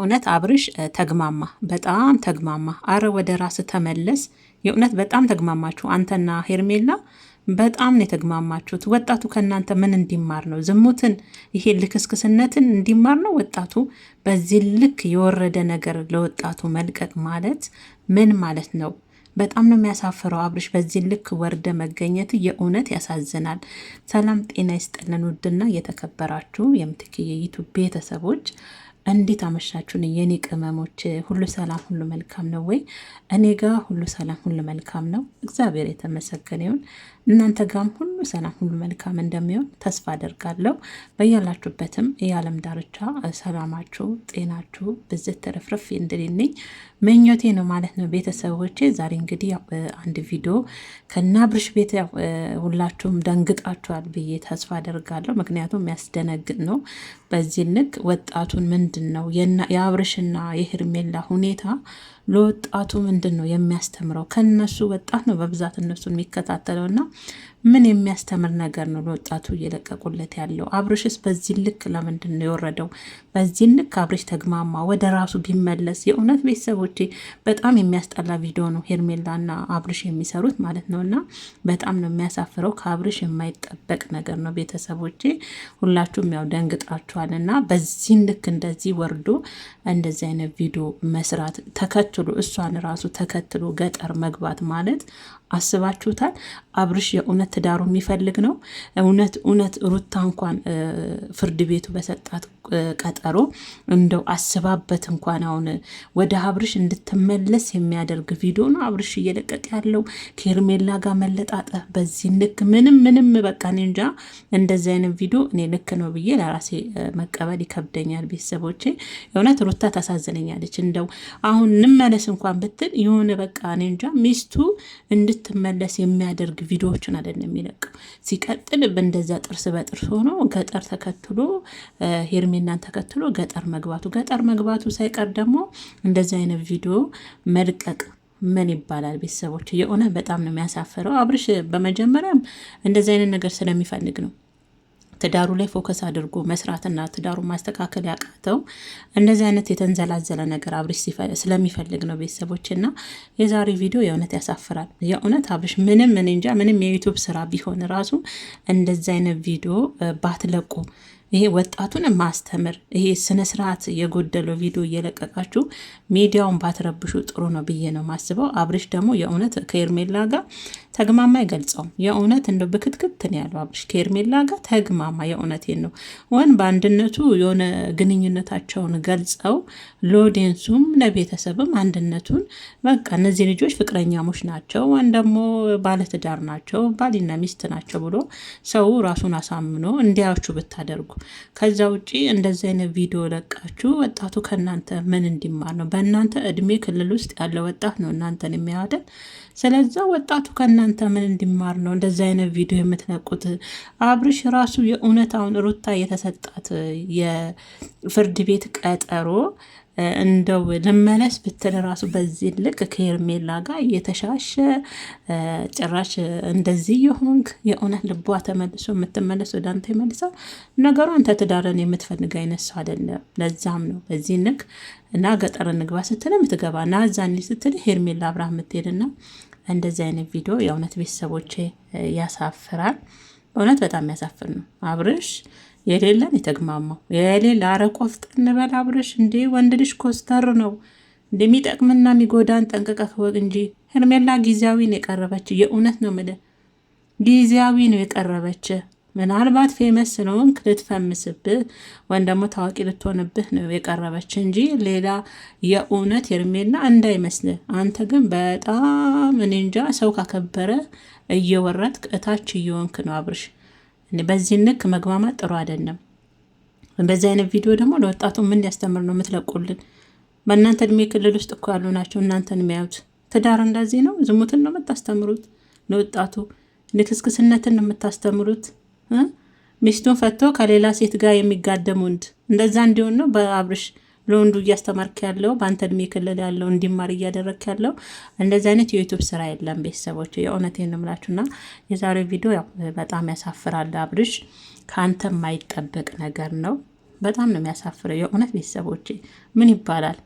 እውነት አብርሽ ተግማማ፣ በጣም ተግማማ። አረ ወደ ራስ ተመለስ። የእውነት በጣም ተግማማችሁ አንተና ሄርሜላ በጣም ነው የተግማማችሁት። ወጣቱ ከእናንተ ምን እንዲማር ነው? ዝሙትን፣ ይሄ ልክስክስነትን እንዲማር ነው ወጣቱ? በዚህ ልክ የወረደ ነገር ለወጣቱ መልቀቅ ማለት ምን ማለት ነው? በጣም ነው የሚያሳፍረው። አብርሽ በዚህ ልክ ወርደ መገኘት የእውነት ያሳዝናል። ሰላም ጤና ይስጥልን። ውድና የተከበራችሁ የምትክየይቱ ቤተሰቦች እንዴት አመሻችሁን የኔ ቅመሞች? ሁሉ ሰላም፣ ሁሉ መልካም ነው ወይ? እኔ ጋር ሁሉ ሰላም፣ ሁሉ መልካም ነው። እግዚአብሔር የተመሰገነ ይሁን። እናንተ ጋም ሁሉ ሰላም፣ ሁሉ መልካም እንደሚሆን ተስፋ አደርጋለሁ። በያላችሁበትም የዓለም ዳርቻ ሰላማችሁ፣ ጤናችሁ ብዝት ተረፍረፍ እንድልልኝ ምኞቴ ነው ማለት ነው። ቤተሰቦቼ ዛሬ እንግዲህ አንድ ቪዲዮ ከና ብርሽ ቤት ሁላችሁም ደንግጣችኋል ብዬ ተስፋ አደርጋለሁ። ምክንያቱም የሚያስደነግጥ ነው። በዚህ ልክ ወጣቱን ምንድን ነው የአብርሽና የሄርሜላ ሁኔታ ለወጣቱ ምንድን ነው የሚያስተምረው? ከነሱ ወጣት ነው በብዛት እነሱን የሚከታተለው እና ምን የሚያስተምር ነገር ነው ለወጣቱ እየለቀቁለት ያለው? አብርሽስ በዚህ ልክ ለምንድን ነው የወረደው? በዚህ ልክ አብርሽ ተግማማ፣ ወደ ራሱ ቢመለስ የእውነት ቤተሰቦች በጣም የሚያስጠላ ቪዲዮ ነው ሄርሜላና አብርሽ የሚሰሩት ማለት ነው። እና በጣም ነው የሚያሳፍረው። ከአብርሽ የማይጠበቅ ነገር ነው ቤተሰቦቼ። ሁላችሁም ያው ደንግጣችኋል። እና በዚህ ልክ እንደዚህ ወርዶ እንደዚህ አይነት ቪዲዮ መስራት ተከቱ ተከትሎ እሷን ራሱ ተከትሎ ገጠር መግባት ማለት አስባችሁታል። አብርሽ የእውነት ትዳሩ የሚፈልግ ነው። እውነት እውነት ሩታ እንኳን ፍርድ ቤቱ በሰጣት ቀጠሮ እንደው አስባበት እንኳን አሁን ወደ አብርሽ እንድትመለስ የሚያደርግ ቪዲዮ ነው አብርሽ እየለቀቅ ያለው ከሄርሜላ ጋር መለጣጠፍ በዚህ ልክ ምንም ምንም በቃ እኔ እንጃ እንደዚህ አይነት ቪዲዮ እኔ ልክ ነው ብዬ ለራሴ መቀበል ይከብደኛል። ቤተሰቦቼ የእውነት ሩታ ታሳዝነኛለች። እንደው አሁን እንመለስ እንኳን ብትል የሆነ በቃ እኔ እንጃ ሚስቱ እንድትመለስ የሚያደርግ ቪዲዮዎችን አይደለም የሚለቅ። ሲቀጥል በእንደዛ ጥርስ በጥርስ ሆኖ ገጠር ተከትሎ ሄርሜናን ተከትሎ ገጠር መግባቱ ገጠር መግባቱ ሳይቀር ደግሞ እንደዚ አይነት ቪዲዮ መልቀቅ ምን ይባላል? ቤተሰቦች የሆነ በጣም ነው የሚያሳፍረው። አብርሽ በመጀመሪያም እንደዚ አይነት ነገር ስለሚፈልግ ነው ትዳሩ ላይ ፎከስ አድርጎ መስራትና ትዳሩ ማስተካከል ያቃተው እንደዚህ አይነት የተንዘላዘለ ነገር አብርሽ ስለሚፈልግ ነው። ቤተሰቦችና የዛሬ ቪዲዮ የእውነት ያሳፍራል። የእውነት አብርሽ ምንም ምን እንጃ ምንም የዩቱብ ስራ ቢሆን ራሱ እንደዚህ አይነት ቪዲዮ ባትለቁ ይሄ ወጣቱን ማስተምር ይሄ ስነ ስርዓት የጎደለው ቪዲዮ እየለቀቃችሁ ሚዲያውን ባትረብሹ ጥሩ ነው ብዬ ነው ማስበው። አብርሽ ደግሞ የእውነት ከኤርሜላ ጋር ተግማማ አይገልጸውም። የእውነት እንደው ብክትክትን ያለው አብርሽ ከኤርሜላ ጋር ተግማማ። የእውነቴን ነው ወን በአንድነቱ የሆነ ግንኙነታቸውን ገልጸው ሎዴንሱም ለቤተሰብም አንድነቱን በቃ እነዚህ ልጆች ፍቅረኛሞች ናቸው ወን ደግሞ ባለትዳር ናቸው ባሊና ሚስት ናቸው ብሎ ሰው ራሱን አሳምኖ እንዲያዎቹ ብታደርጉ። ከዛ ውጭ እንደዚህ አይነት ቪዲዮ ለቃችሁ ወጣቱ ከእናንተ ምን እንዲማር ነው? በእናንተ እድሜ ክልል ውስጥ ያለ ወጣት ነው እናንተን የሚያደል። ስለዛ ወጣቱ ከእናንተ እናንተ ምን እንዲማር ነው እንደዚህ አይነት ቪዲዮ የምትነቁት? አብርሽ ራሱ የእውነት አሁን ሩታ የተሰጣት የፍርድ ቤት ቀጠሮ እንደው ልመለስ ብትል ራሱ በዚህ ልክ ከሄርሜላ ጋር እየተሻሸ ጭራሽ እንደዚህ የሆንክ የእውነት ልቧ ተመልሶ የምትመለስ ወደ አንተ ይመልሳል። ነገሩ አንተ ትዳርን የምትፈልግ አይነት ሰው አይደለም። ለዛም ነው በዚህ ልክ እና ገጠር ንግባ ስትል የምትገባ እና ዛኔ ስትል ሄርሜላ አብራ የምትሄድና እንደዚህ አይነት ቪዲዮ የእውነት ቤተሰቦቼ ያሳፍራል። እውነት በጣም ያሳፍር ነው አብርሽ የሌለን የተግማማው የሌለ አረ ቆፍጠን በል አብርሽ፣ እንዴ ወንድ ልጅ ኮስተር ነው እንደሚጠቅምና የሚጎዳን ጠንቅቀህ ወቅ እንጂ። ሄርሜላ ጊዜያዊ ነው የቀረበች፣ የእውነት ነው የምልህ፣ ጊዜያዊ ነው የቀረበች። ምናልባት ፌመስ ስለሆንክ ልትፈምስብህ ወይም ደግሞ ታዋቂ ልትሆንብህ ነው የቀረበች እንጂ ሌላ የእውነት ሄርሜላ እንዳይመስልህ። አንተ ግን በጣም እኔ እንጃ ሰው ካከበረ እየወረድክ እታች እየሆንክ ነው አብርሽ። በዚህ ንክ መግማማት ጥሩ አይደለም። በዚህ አይነት ቪዲዮ ደግሞ ለወጣቱ ምን ሊያስተምር ነው የምትለቁልን? በእናንተ እድሜ ክልል ውስጥ እኮ ያሉ ናቸው እናንተን የሚያዩት። ትዳር እንደዚህ ነው። ዝሙትን ነው የምታስተምሩት ለወጣቱ። ንክስክስነትን ነው የምታስተምሩት። ሚስቱን ፈቶ ከሌላ ሴት ጋር የሚጋደም ወንድ እንደዛ እንዲሆን ነው በአብርሽ ለወንዱ እያስተማርክ ያለው በአንተ እድሜ ክልል ያለው እንዲማር እያደረግክ ያለው እንደዚህ አይነት የዩቱብ ስራ የለም። ቤተሰቦች የእውነት የእውነቴን እምላችሁና የዛሬው ቪዲዮ በጣም ያሳፍራል። አብርሽ ከአንተ የማይጠበቅ ነገር ነው። በጣም ነው የሚያሳፍረው የእውነት ቤተሰቦቼ ምን ይባላል።